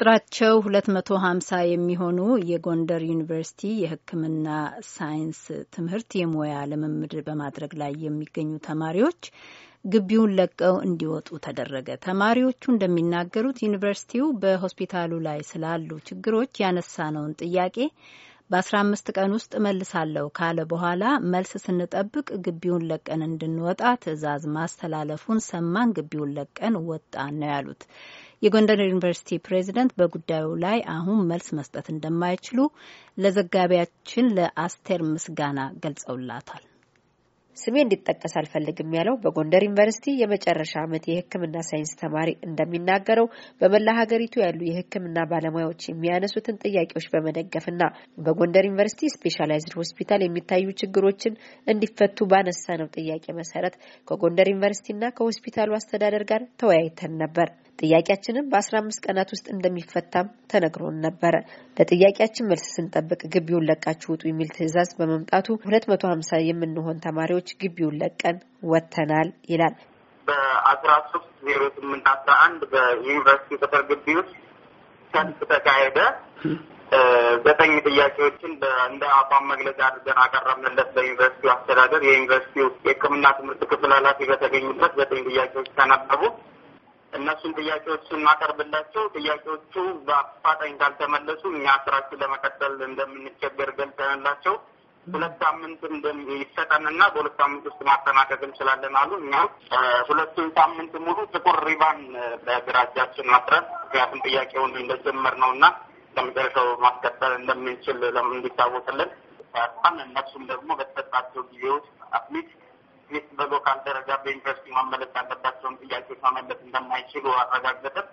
ቁጥራቸው 250 የሚሆኑ የጎንደር ዩኒቨርሲቲ የሕክምና ሳይንስ ትምህርት የሙያ ልምምድ በማድረግ ላይ የሚገኙ ተማሪዎች ግቢውን ለቀው እንዲወጡ ተደረገ። ተማሪዎቹ እንደሚናገሩት ዩኒቨርሲቲው በሆስፒታሉ ላይ ስላሉ ችግሮች ያነሳነውን ጥያቄ በ15 ቀን ውስጥ መልሳለሁ ካለ በኋላ መልስ ስንጠብቅ ግቢውን ለቀን እንድንወጣ ትዕዛዝ ማስተላለፉን ሰማን። ግቢውን ለቀን ወጣን ነው ያሉት። የጎንደር ዩኒቨርሲቲ ፕሬዚደንት በጉዳዩ ላይ አሁን መልስ መስጠት እንደማይችሉ ለዘጋቢያችን ለአስቴር ምስጋና ገልጸውላታል። ስሜ እንዲጠቀስ አልፈልግም ያለው በጎንደር ዩኒቨርሲቲ የመጨረሻ ዓመት የሕክምና ሳይንስ ተማሪ እንደሚናገረው በመላ ሀገሪቱ ያሉ የሕክምና ባለሙያዎች የሚያነሱትን ጥያቄዎች በመደገፍና በጎንደር ዩኒቨርሲቲ ስፔሻላይዝድ ሆስፒታል የሚታዩ ችግሮችን እንዲፈቱ ባነሳ ነው ጥያቄ መሰረት ከጎንደር ዩኒቨርሲቲና ከሆስፒታሉ አስተዳደር ጋር ተወያይተን ነበር። ጥያቄያችንም በአስራ አምስት ቀናት ውስጥ እንደሚፈታም ተነግሮን ነበረ። ለጥያቄያችን መልስ ስንጠብቅ ግቢውን ለቃችሁ ውጡ የሚል ትዕዛዝ በመምጣቱ ሁለት መቶ ሀምሳ የምንሆን ተማሪዎች ግቢውን ለቀን ወጥተናል ይላል። በአስራ ሶስት ዜሮ ስምንት አስራ አንድ በዩኒቨርሲቲ ቅጥር ግቢ ውስጥ ሰልፍ ተካሄደ። ዘጠኝ ጥያቄዎችን እንደ አቋም መግለጫ አድርገን አቀረብንለት ለዩኒቨርሲቲው አስተዳደር። የዩኒቨርሲቲው የሕክምና ትምህርት ክፍል ኃላፊ በተገኙበት ዘጠኝ ጥያቄዎች ተነበቡ። እነሱን ጥያቄዎችን ማቀርብላቸው ጥያቄዎቹ በአፋጣኝ ካልተመለሱ እኛ ስራችን ለመቀጠል እንደምንቸገር ገልጸንላቸው ሁለት ሳምንት ይሰጠንና በሁለት ሳምንት ውስጥ ማጠናቀቅ እንችላለን አሉ። እኛ ሁለቱን ሳምንት ሙሉ ጥቁር ሪባን በግራ እጃችን ማጥረን ምክንያቱም ጥያቄውን እንደጀመር ነው እና ለመጨረሻው ማስቀጠል እንደምንችል እንዲታወቅልን እነሱም ደግሞ በተሰጣቸው ጊዜ ውስጥ አትሊስት ሚስ በሎካል ደረጃ በዩኒቨርሲቲ ማመለስ ያለባቸውን ጥያቄዎች ማመለስ እንደማይችሉ አረጋገጠን።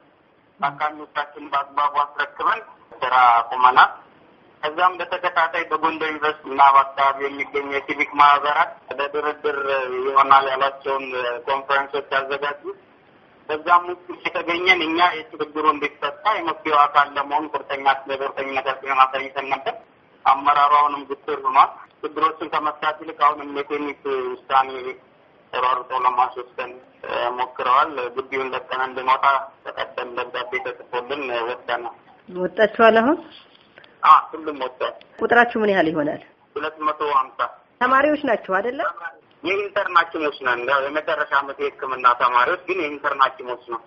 ታካሚዎቻችን በአግባቡ አስረክበን ስራ ቁመናል። ከዛም በተከታታይ በጎንደር ዩኒቨርሲቲ እና በአካባቢ የሚገኙ የሲቪክ ማህበራት ለድርድር ይሆናል ያሏቸውን ኮንፈረንሶች ያዘጋጁ። በዛም ውስጥ የተገኘን እኛ የችግሩ እንዲፈታ የመፍትሄው አካል ለመሆን ቁርጠኛ ቁርጠኝነታችንን አሳይተን ነበር። አሁንም ግትር ሆኗል። ችግሮችን ከመፍታት ይልቅ አሁንም የቴክኒክ ውሳኔ ተሯርጦ ለማስወሰን ሞክረዋል። ግቢውን ለቀን እንድንወጣ ተቀደም ደብዳቤ ተጽፎልን ወጥተናል። ወጣችኋል? አሁን ሁሉም ወጥቷል። ቁጥራችሁ ምን ያህል ይሆናል? ሁለት መቶ ሀምሳ ተማሪዎች ናቸው አይደለም? የኢንተርን ሐኪሞች ነን። የመጨረሻ ዓመት የሕክምና ተማሪዎች ግን የኢንተርን ሐኪሞች ነው።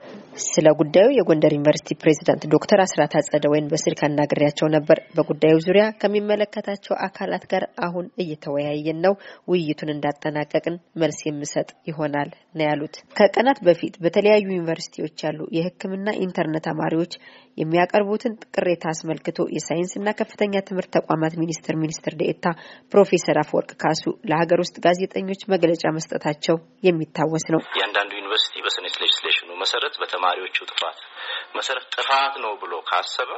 ስለ ጉዳዩ የጎንደር ዩኒቨርሲቲ ፕሬዚዳንት ዶክተር አስራት ወይን በስልክ አናግሬያቸው ነበር። በጉዳዩ ዙሪያ ከሚመለከታቸው አካላት ጋር አሁን እየተወያየን ነው። ውይይቱን እንዳጠናቀቅን መልስ የምሰጥ ይሆናል ነው ያሉት። ከቀናት በፊት በተለያዩ ዩኒቨርሲቲዎች ያሉ የሕክምና ኢንተርን ተማሪዎች የሚያቀርቡትን ቅሬታ አስመልክቶ የሳይንስና ከፍተኛ ትምህርት ተቋማት ሚኒስቴር ሚኒስትር ዴኤታ ፕሮፌሰር አፈወርቅ ካሱ ለሀገር ውስጥ ጋዜጠኞች መግለጫ መስጠታቸው የሚታወስ ነው። እያንዳንዱ ዩኒቨርሲቲ በሰኔት ሌጅስሌሽኑ መሰረት በተማሪዎቹ ጥፋት መሰረት ጥፋት ነው ብሎ ካሰበ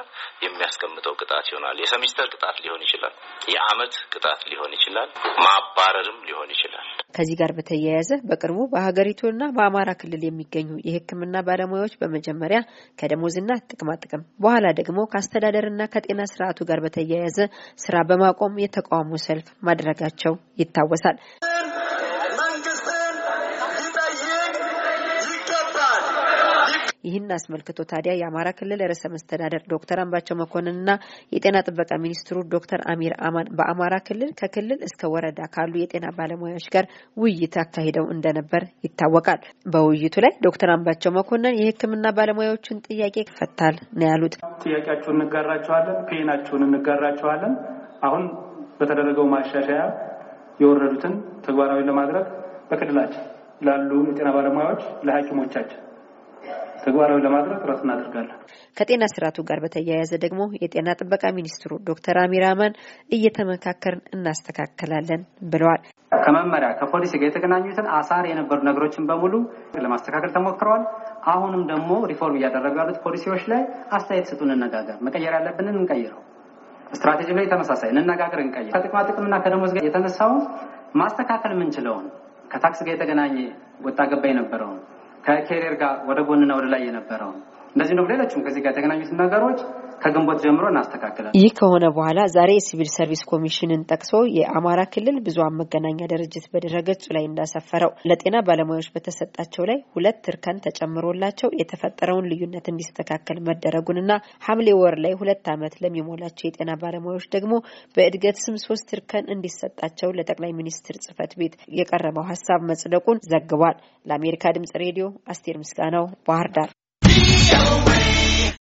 የሚያስቀምጠው ቅጣት ይሆናል። የሰሚስተር ቅጣት ሊሆን ይችላል፣ የአመት ቅጣት ሊሆን ይችላል፣ ማባረርም ሊሆን ይችላል። ከዚህ ጋር በተያያዘ በቅርቡ በሀገሪቱና በአማራ ክልል የሚገኙ የሕክምና ባለሙያዎች በመጀመሪያ ከደሞዝና ጥቅማጥቅም በኋላ ደግሞ ከአስተዳደርና ከጤና ስርዓቱ ጋር በተያያዘ ስራ በማቆም የተቃውሞ ሰልፍ ማድረጋቸው ይታወሳል። ይህን አስመልክቶ ታዲያ የአማራ ክልል ርዕሰ መስተዳደር ዶክተር አምባቸው መኮንንና የጤና ጥበቃ ሚኒስትሩ ዶክተር አሚር አማን በአማራ ክልል ከክልል እስከ ወረዳ ካሉ የጤና ባለሙያዎች ጋር ውይይት አካሂደው እንደነበር ይታወቃል። በውይይቱ ላይ ዶክተር አምባቸው መኮንን የሕክምና ባለሙያዎችን ጥያቄ ፈታል ነው ያሉት። ጥያቄያችሁን እንጋራቸዋለን፣ ፔናችሁን እንጋራቸዋለን። አሁን በተደረገው ማሻሻያ የወረዱትን ተግባራዊ ለማድረግ በክልላችን ላሉ የጤና ባለሙያዎች ለሐኪሞቻችን ተግባራዊ ለማድረግ ጥረት እናደርጋለን። ከጤና ስርዓቱ ጋር በተያያዘ ደግሞ የጤና ጥበቃ ሚኒስትሩ ዶክተር አሚር አማን እየተመካከርን እናስተካከላለን ብለዋል። ከመመሪያ ከፖሊሲ ጋር የተገናኙትን አሳር የነበሩ ነገሮችን በሙሉ ለማስተካከል ተሞክረዋል። አሁንም ደግሞ ሪፎርም እያደረጉ ያሉት ፖሊሲዎች ላይ አስተያየት ስጡን፣ እንነጋገር። መቀየር ያለብንን እንቀይረው። ስትራቴጂ ላይ ተመሳሳይ እንነጋገር፣ እንቀይር። ከጥቅማ ጥቅምና ከደሞዝ ጋር የተነሳውን ማስተካከል የምንችለውን ከታክስ ጋር የተገናኘ ወጣ ገባ የነበረውን ከኬሪየር ጋር ወደ ጎንና ወደ ላይ የነበረውን እንደዚህ ነው። ሌሎችም ከዚህ ጋር የተገናኙት ነገሮች ከግንቦት ጀምሮ እናስተካክላለን። ይህ ከሆነ በኋላ ዛሬ የሲቪል ሰርቪስ ኮሚሽንን ጠቅሶ የአማራ ክልል ብዙኃን መገናኛ ድርጅት በድረገጹ ላይ እንዳሰፈረው ለጤና ባለሙያዎች በተሰጣቸው ላይ ሁለት እርከን ተጨምሮላቸው የተፈጠረውን ልዩነት እንዲስተካከል መደረጉንና ሐምሌ ወር ላይ ሁለት ዓመት ለሚሞላቸው የጤና ባለሙያዎች ደግሞ በእድገት ስም ሶስት እርከን እንዲሰጣቸው ለጠቅላይ ሚኒስትር ጽህፈት ቤት የቀረበው ሀሳብ መጽደቁን ዘግቧል። ለአሜሪካ ድምጽ ሬዲዮ አስቴር ምስጋናው ባህር ዳር